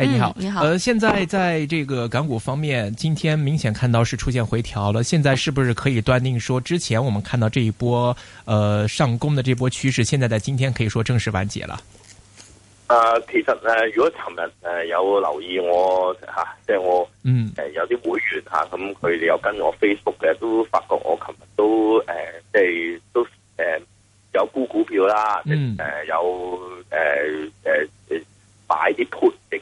誒、哎，你好、嗯，你好。呃，現在在這個港股方面，今天明顯看到是出現回調了。現在是不是可以斷定說，之前我們看到這一波，呃，上攻的這波趨勢，現在在今天可以說正式完結了？誒、呃，其實誒，如果尋日誒有留意我吓，即、啊、係、就是、我嗯誒、呃、有啲會員吓咁，佢、啊、哋有跟我 Facebook 嘅，都發覺我尋日都誒即係都誒有沽股票啦，嗯誒有誒誒誒擺啲 put 嘅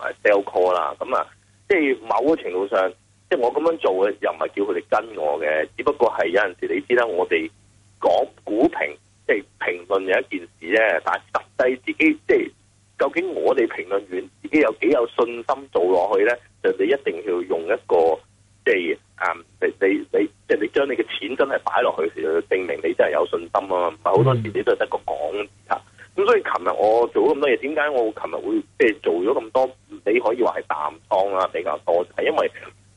賣 sell call 啦，咁、嗯、啊，即係某個程度上，即係我咁樣做嘅，又唔係叫佢哋跟我嘅，只不過係有陣時你知啦，我哋講股評，即係評論有一件事咧，但實際自己即係究竟我哋評論員自己有幾有信心做落去咧？就你一定要用一個，即係啊、嗯，你你你，即係你將你嘅錢真係擺落去時，就證明你真係有信心啊！但係好多時你都係得個講咁、嗯、所以琴日我做咗咁多嘢，點解我琴日會即係做咗咁多？你可以話係淡倉啦，比較多，就係、是、因為誒、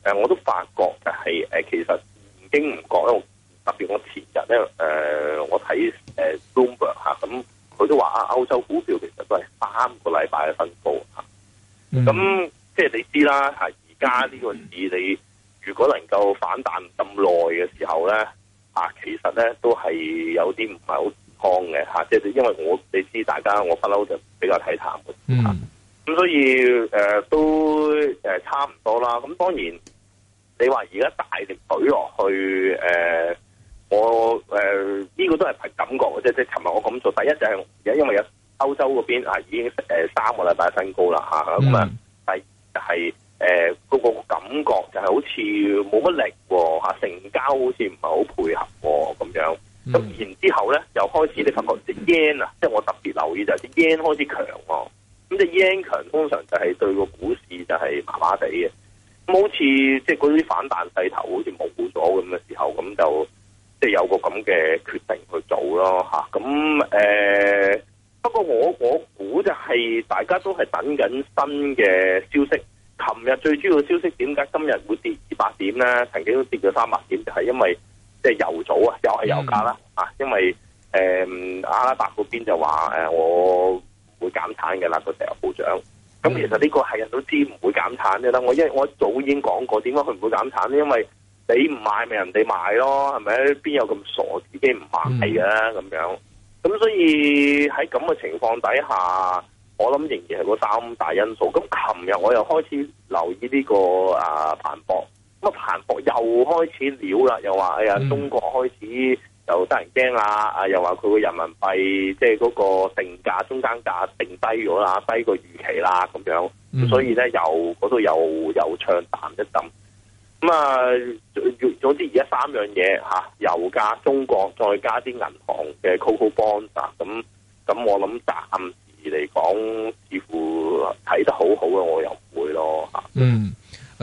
呃、我都發覺就係誒其實唔經唔覺咧，特別我前日咧誒我睇誒 Bloomberg 嚇咁，佢、呃啊嗯、都話啊，歐洲股票其實都係三個禮拜嘅新高吓，咁、啊 mm -hmm. 即係你知啦吓而家呢個市你如果能夠反彈咁耐嘅時候咧，啊，其實咧都係有啲唔係好。嘅嚇，即係因為我你知大家我不嬲就比較睇淡嘅嚇，咁、嗯啊、所以誒、呃、都誒、呃、差唔多啦。咁、嗯、當然你話而家大力舉落去誒、呃，我誒呢、呃這個都係憑感覺嘅啫。即係琴日我咁做，第一就係而家因為有歐洲嗰邊啊已經誒三個禮拜新高啦嚇，咁啊、嗯、啊第二就係誒嗰個感覺就係好似冇乜力喎、啊、成交好似唔係好配合咁樣。咁、mm -hmm. 然之後咧，又開始你發覺啲 yen 啊，即係我特別留意就係啲 yen 開始強。咁啲 yen 強通常就係對個股市就係麻麻地嘅。咁好似即係嗰啲反彈勢頭好似模糊咗咁嘅時候，咁就即係有個咁嘅決定去做咯嚇。咁誒、呃，不過我我估就係大家都係等緊新嘅消息。琴日最主要嘅消息點解今日會跌二百點咧？曾經都跌咗三百點，就係因為。即係油早，啊，又係油價啦，啊，因為誒、嗯、阿拉伯嗰邊就話誒、哎、我會減產嘅啦，個石油暴漲。咁其實呢個係人都知唔會減產嘅啦。我因為我一早已經講過，點解佢唔會減產咧？因為你唔買咪人哋買咯，係咪？邊有咁傻自己唔買嘅咁樣？咁所以喺咁嘅情況底下，我諗仍然係個三大因素。咁琴日我又開始留意呢、呢個啊彭博。咁啊！彭博又開始料啦，又話：哎呀，中國開始又得人驚啦！啊，又話佢個人民幣即係嗰個定價中間價定低咗啦，低過預期啦，咁樣、嗯。所以咧，又嗰度又又唱淡一陣。咁、嗯、啊，總之而家三樣嘢嚇、啊，油價、中國再加啲銀行嘅 Coco Bond、啊。咁咁，那我諗暫時嚟講，似乎睇得好好嘅，我又唔會咯嚇、啊。嗯。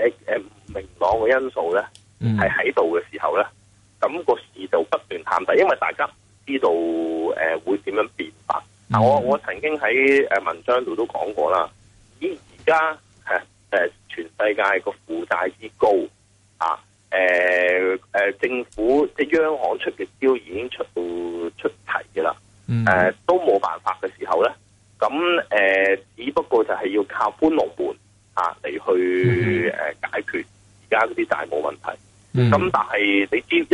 誒誒，明朗嘅因素咧，係喺度嘅時候咧，咁個市就不斷探底，因為大家唔知道誒會點樣變化。嗯、我我曾經喺誒文章度都講過啦，以而家誒誒，全世界個負債之高啊，誒、啊、誒、啊，政府即係央行出嘅招已經出到出齊嘅啦，誒、啊、都冇辦法嘅時候咧，咁誒、啊，只不過就係要靠搬龍門。啊！嚟去誒、嗯呃、解決而家嗰啲債冇問題，咁、嗯、但係你知一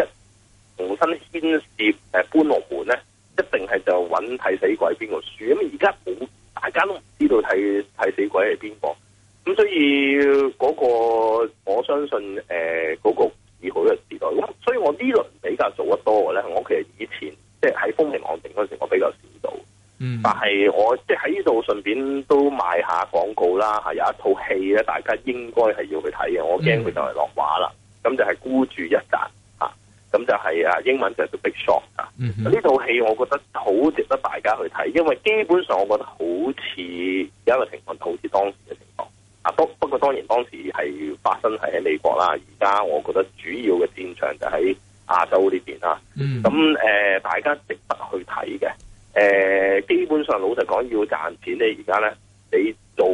重新牽涉誒、呃、搬落門咧，一定係就揾替死鬼，邊個輸？咁而家冇大家都唔知道替替死鬼係邊個，咁所以嗰個我相信誒嗰、呃嗰個唔好嘅時代，咁，所以我呢輪比較做得多嘅咧，我其實以前即係喺風平浪靜嗰時候，我比較少到。嗯，但係我即喺呢度順便都賣下廣告啦，係有一套戲咧，大家應該係要去睇嘅。我驚佢就嚟落畫啦，咁就係孤注一擲吓，咁就係啊，英文就係叫 Big Shot 啊。呢套戲我覺得好值得大家去睇，因為基本上我覺得好似而家嘅情況，好似當時嘅情況啊。不不過當然當時係發生喺美國啦，而家我覺得主要嘅戰場就喺亞洲呢邊啦。咁誒，大家值得去睇嘅。誒，基本上老實講，要賺錢咧，而家咧你做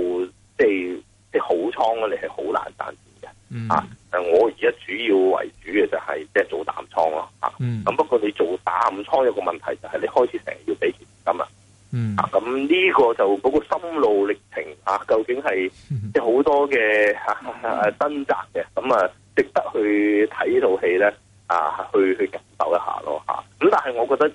即係即係好倉，你係好難賺錢嘅。誒、嗯啊，我而家主要為主嘅，就係即係做淡倉咯。咁、啊嗯、不過你做淡倉有個問題就係你開始成日要俾錢金啊。嗯。啊，咁呢個就嗰個心路歷程啊，究竟係即係好多嘅掙扎嘅，咁啊，啊，啊值得去睇呢套戲咧啊，去去感受一下咯吓。咁、啊、但係我覺得。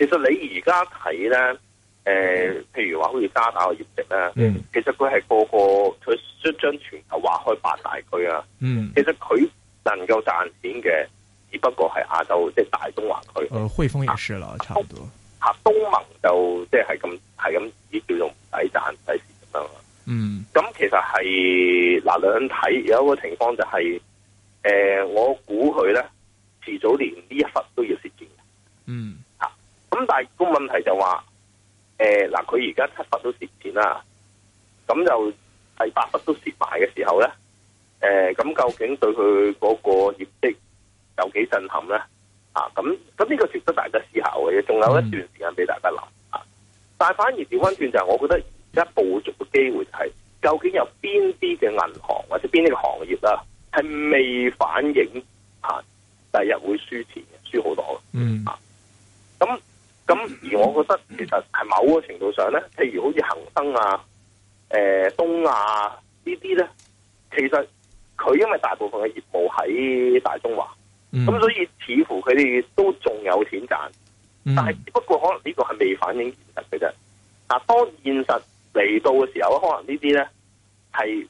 其實你而家睇咧，誒、呃，譬如話好似渣打個業績咧、嗯，其實佢係個個，佢將全球劃開八大區啊。嗯、其實佢能夠賺錢嘅，只不過係亞洲即係、就是、大中華區。誒、呃，匯豐也是差唔多。吓、啊啊，東盟就即係咁，係咁，呢，叫做唔使賺，唔使蝕咁樣。嗯。咁其實係嗱，兩睇有一個情況就係、是，誒、呃，我估佢咧遲早連呢一忽都要蝕錢。嗯。咁但係個問題就話，誒、欸、嗱，佢而家七百都蝕錢啦，咁就係八百都蝕埋嘅時候咧，誒、欸、咁究竟對佢嗰個業績有幾震撼咧？啊，咁咁呢個值得大家思考嘅嘢，仲有一段時間俾大家諗啊。但係反而調翻轉就係，我覺得而家捕捉嘅機會就係，究竟有邊啲嘅銀行或者邊啲嘅行業啦，係未反映啊，第日會輸錢，輸好多嗯。啊，咁。咁而我覺得其實係某個程度上咧，譬如好似恒生啊、誒、呃、東亞、啊、呢啲咧，其實佢因為大部分嘅業務喺大中華，咁、嗯、所以似乎佢哋都仲有錢賺，嗯、但係不過可能呢個係未反映現實嘅啫。嗱，當現實嚟到嘅時候，可能這些呢啲咧係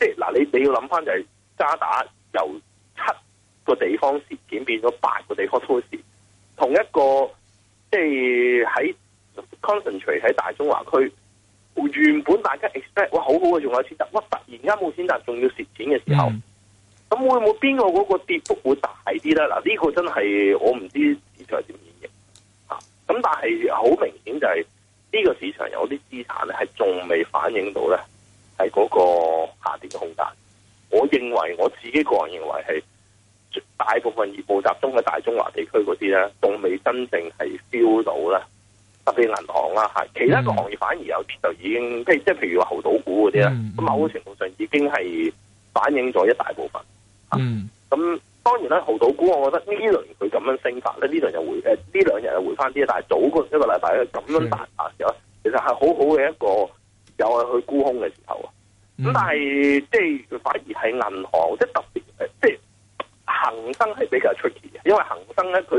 即係嗱，你你要諗翻就係、是、渣打由七個地方蝕錢變咗八個地方都蝕，同一個。即係喺 Concentrate 喺大中華區，原本大家 expect 哇，好好嘅，仲有錢，哇，突然間冇錢，仲要蝕錢嘅時候，咁、嗯、會唔會邊個嗰個跌幅會大啲咧？嗱，呢個真係我唔知市場點演繹啊！咁但係好明顯就係、是、呢、呢個市場有啲資產咧係仲未反映到咧，係嗰個下跌嘅空間。我認為我自己個人認為係。大部分業務集中嘅大中華地區嗰啲咧，仲未真正係 feel 到咧，特別銀行啦嚇，其他個行業反而有就已經，譬如即係譬如話濠賭股嗰啲咧，咁某個程度上已經係反映咗一大部分。嗯，咁、啊、當然啦，濠賭股我覺得呢輪佢咁樣升發咧，呢輪又回誒呢兩日又回翻啲，但係早個一個禮拜咧咁樣大爬咗，其實係好好嘅一個有係去沽空嘅時候啊。咁但係即係佢反而喺銀行，即係特別誒，即係。恒生係比較出奇嘅，因為恒生咧佢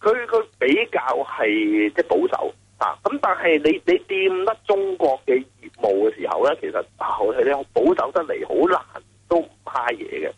佢佢比較係即係保守啊。咁但係你你掂得中國嘅業務嘅時候咧，其實係咧、啊、保守得嚟，好難都唔怕嘢嘅。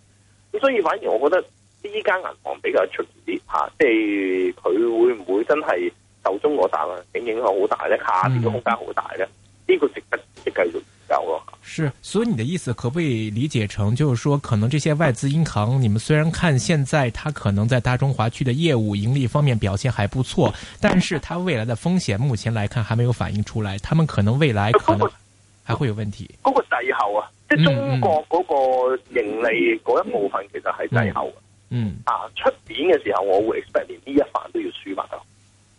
咁所以反而我覺得呢間銀行比較出奇啲嚇，即係佢會唔會真係受中國大環境影響好大咧，下跌嘅空間好大咧，呢、呢個值得值得有咯是，所以你的意思可不可以理解成，就是說，可能這些外資銀行，你們雖然看現在它可能在大中華區的業務盈利方面表現還不錯，但是它未來的風險，目前來看還沒有反映出來，他們可能未來可能還會有問題。嗰、啊那個滯、那個、後啊，即係中國嗰個盈利嗰一部分，其實係滯後啊嗯，嗯，嗯啊，出年嘅時候，我會 expect 連呢一瓣都要輸埋咯。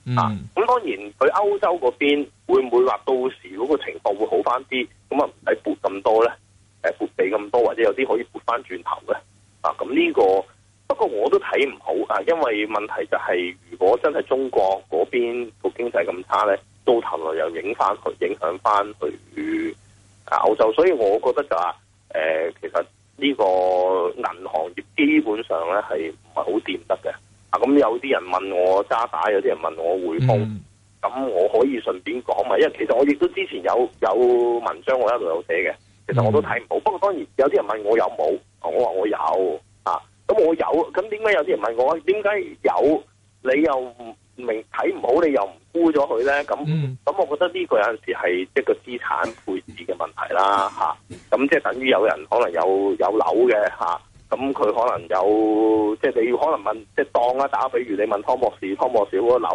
嗯、啊，咁當然佢歐洲嗰邊會唔會話到時嗰個情況會好翻啲，咁啊唔使撥咁多咧，誒撥俾咁多或者有啲可以撥翻轉頭嘅，啊咁呢個不過我都睇唔好啊，因為問題就係如果真係中國嗰邊個經濟咁差咧，到頭來又影翻去，影響翻去歐洲，所以我覺得就話誒其實呢個銀行業基本上咧係唔係好掂得嘅。咁、啊、有啲人問我渣打，有啲人問我回報，咁、嗯、我可以順便講嘛，因為其實我亦都之前有有文章我一度有寫嘅，其實我都睇唔好。不過當然有啲人問我有冇，我話我有啊。咁我有，咁點解有啲人問我？點解有？你又唔明，睇唔好？你又唔沽咗佢咧？咁咁，嗯、我覺得呢個有陣時係一個資產配置嘅問題啦，吓、啊。咁即係等於有人可能有有樓嘅吓。啊咁佢可能有，即係你要可能問，即係當啊打，比如你問湯博士，湯博士嗰個樓，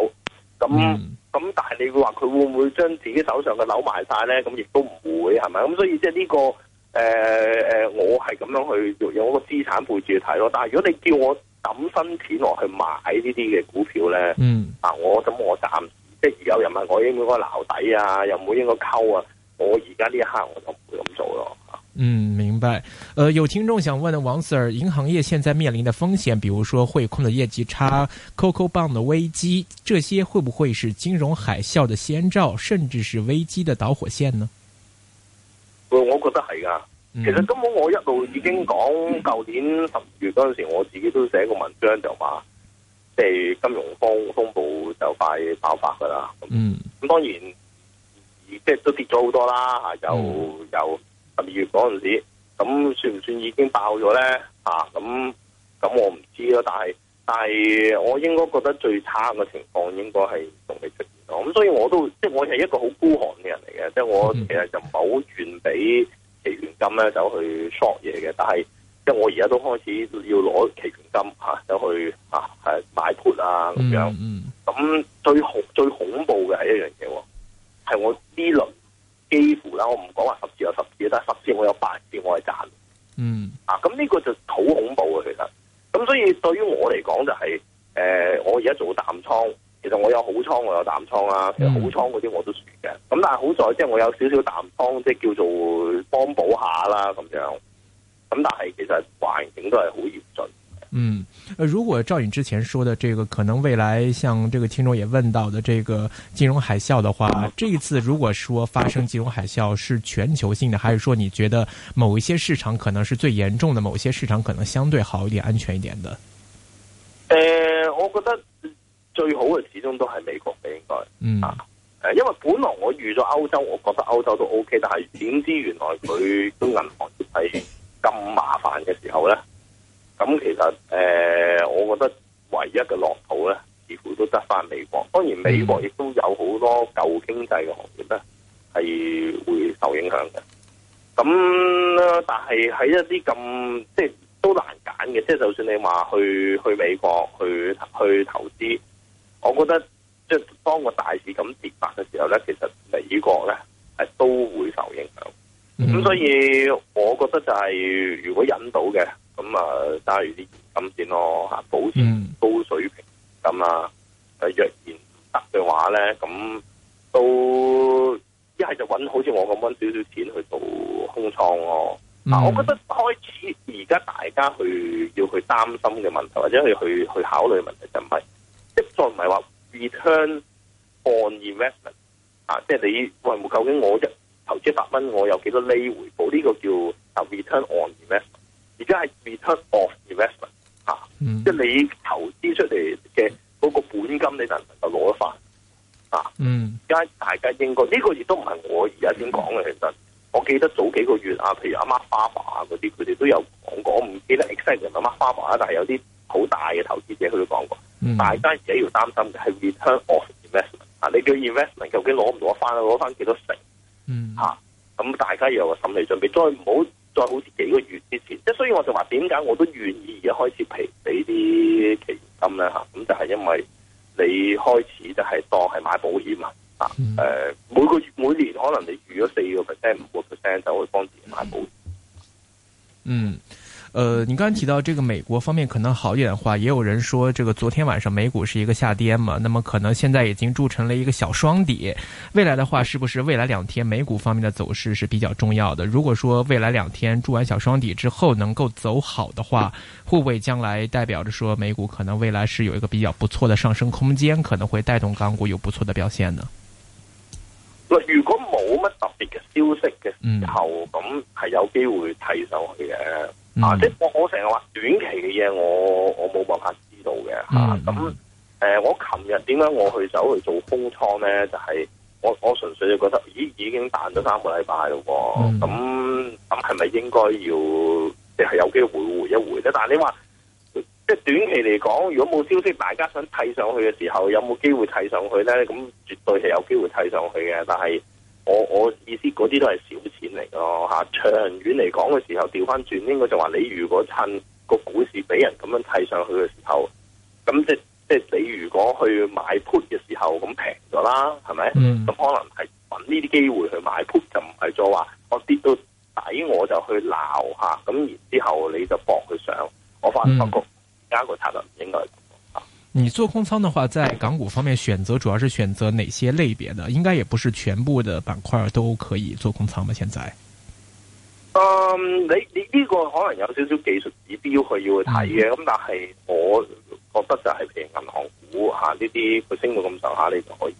咁咁，嗯、但係你會話佢會唔會將自己手上嘅樓賣晒咧？咁亦都唔會係咪？咁所以即係、這、呢個誒誒、呃，我係咁樣去用一個資產配置去睇咯。但係如果你叫我抌新錢落去買呢啲嘅股票咧，啊、嗯，我咁我暫時，即係有人問我應唔應該撈底啊，又唔會應該溝啊，我而家呢一刻我就唔會咁做咯。嗯，明白。誒、呃，有聽眾想問王 Sir，銀行業現在面臨的風險，比如說匯控的業績差、Coco、嗯、棒 -co 的危機，這些會不會是金融海嘯的先兆，甚至是危機的導火線呢？我覺得係噶、嗯。其實根本我一路已經講，舊、嗯、年十月嗰陣時，我自己都寫過文章就話，即、就、係、是、金融風風暴就快爆發噶啦。嗯，咁當然，即係都跌咗好多啦，有、嗯、有二月嗰陣時，咁算唔算已經爆咗咧？咁、啊、咁我唔知咯，但係但係我應該覺得最差嘅情況應該係仲未出現咯。咁所以我都即係我係一個好孤寒嘅人嚟嘅、嗯，即係我其實就唔係好願俾期權金咧走去 short 嘢嘅。但係即係我而家都開始要攞期權金吓，走、啊、去吓係、啊啊、買 put 啊咁樣。咁、嗯嗯、最恐最恐怖嘅係一樣嘢，係我呢輪。幾乎啦，我唔講話十次有十次，但係十次我有八次我係賺。嗯，啊，咁呢個就好恐怖嘅其實。咁所以對於我嚟講就係、是，誒、呃，我而家做淡倉，其實我有好倉我有淡倉啦。其實好倉嗰啲我都算嘅。咁但係好在即係我有少少淡倉，即、就、係、是、叫做幫補下啦咁樣。咁但係其實環境都係好嚴峻。嗯，呃，如果照你之前說的這個，可能未來像這個聽眾也問到的這個金融海嘯的話，這一次如果說發生金融海嘯是全球性的，還是說你覺得某一些市場可能是最嚴重的，某些市場可能相對好一點、安全一點的？呃，我覺得最好嘅始終都係美國嘅，應該，嗯啊，因為本來我預咗歐洲，我覺得歐洲都 OK，但係點知原來佢個銀行業係咁麻煩嘅時候呢。咁其實誒、呃，我覺得唯一嘅樂土咧，似乎都得返美國。當然，美國亦都有好多舊經濟嘅行業咧，係會受影響嘅。咁，但係喺一啲咁即係都難揀嘅，即係就算你話去去美國去去投資，我覺得即係當個大市咁跌落嘅時候咧，其實美國咧係都會受影響。咁、嗯、所以，我覺得就係、是、如果引導嘅。咁、嗯、啊，揸住啲現金先咯嚇，保、嗯、持高水平咁啊。誒，若然唔得嘅話咧，咁都一係就揾好似我咁揾少少錢去做空倉咯、哦。嗱、嗯啊，我覺得開始而家大家去要去擔心嘅問題，或者係去去考慮嘅問題就唔係即再唔係話 return on investment 啊，即、就、係、是、你問究竟我一投資百蚊，我有幾多利回報？呢、這個叫啊 return on investment。而家係 return of investment 啊，嗯、即係你投資出嚟嘅嗰個本金，你能唔能夠攞得翻啊？而、嗯、家大家應該呢、這個亦都唔係我而家先講嘅，其、嗯、實我記得早幾個月啊，譬如阿 Mark 媽巴爸啊嗰啲，佢哋都有講過。我唔記得 exactly 係咪阿 Mark 媽巴爸啦，但係有啲好大嘅投資者佢都講過、嗯。大家自己要擔心係 return of investment 啊，你叫 investment 究竟攞唔攞翻啊？攞翻幾多成？吓咁大家要有個心理準備，再唔好。再好似幾個月之前，即係所以我就話點解我都願意而家開始俾俾啲期金咧吓，咁就係因為你開始就係當係買保險啊，誒、嗯，每個月每年可能你預咗四個 percent、五個 percent 就會幫自己買保險，嗯。嗯呃，你剛剛提到這個美國方面可能好一點的話，也有人說這個昨天晚上美股是一個下跌嘛，那麼可能現在已經築成了一個小雙底，未來的話是不是未來兩天美股方面的走勢是比較重要的？如果說未來兩天築完小雙底之後能夠走好的話，會不會將來代表着說美股可能未來是有一個比較不錯的上升空間，可能會帶動港股有不錯的表現呢？如果冇乜特別嘅消息嘅時候，咁、嗯、係有機會睇上去嘅。啊！即係我我成日話短期嘅嘢，我我冇辦法知道嘅嚇。咁、嗯、誒、啊呃，我琴日點解我去走去做空倉咧？就係、是、我我純粹就覺得，咦已經彈咗三個禮拜咯噃。咁咁係咪應該要即係、就是、有機會回一回咧？但係你話即係短期嚟講，如果冇消息，大家想睇上去嘅時候，有冇機會睇上去咧？咁絕對係有機會睇上去嘅，但係。我我意思嗰啲都係小錢嚟咯吓，長遠嚟講嘅時候調翻轉，應該就話你如果趁個股市俾人咁樣砌上去嘅時候，咁即即係你如果去買 put 嘅時候，咁平咗啦，係咪？咁、mm. 可能係搵呢啲機會去買 put 就唔係再話我跌到底我就去鬧吓，咁然之後你就搏佢上。我發發覺而家個策略唔應該。你做空倉的話，在港股方面選擇，主要是選擇哪些類別的？應該也不是全部的板塊都可以做空倉吧？現在，嗯、um,，你你呢、這個可能有少少技術指標佢要去睇嘅，咁但係我覺得就係譬如銀行股吓呢啲，佢、啊、升到咁上下，你就可以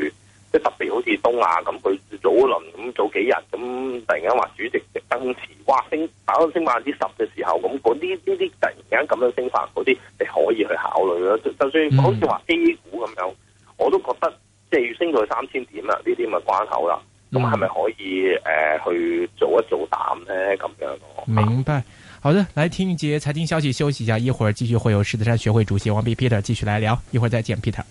去，即係特別好似東亞咁佢。早輪咁早幾日咁突然間話主席增持哇，升打到升百分之十嘅時候，咁嗰啲呢啲突然間咁樣升法，嗰啲你可以去考慮咯。就算好似話說 A 股咁樣，我都覺得即係要升到去三千點啦，呢啲咪關口啦。咁係咪可以誒、嗯、呃、去做一做淡呢？咁樣咯。明白。好的，來聽一節財經消息，休息一下，一會兒繼續會有獅子山學會主席王弼 Peter 繼續來聊，一會兒再見，Peter。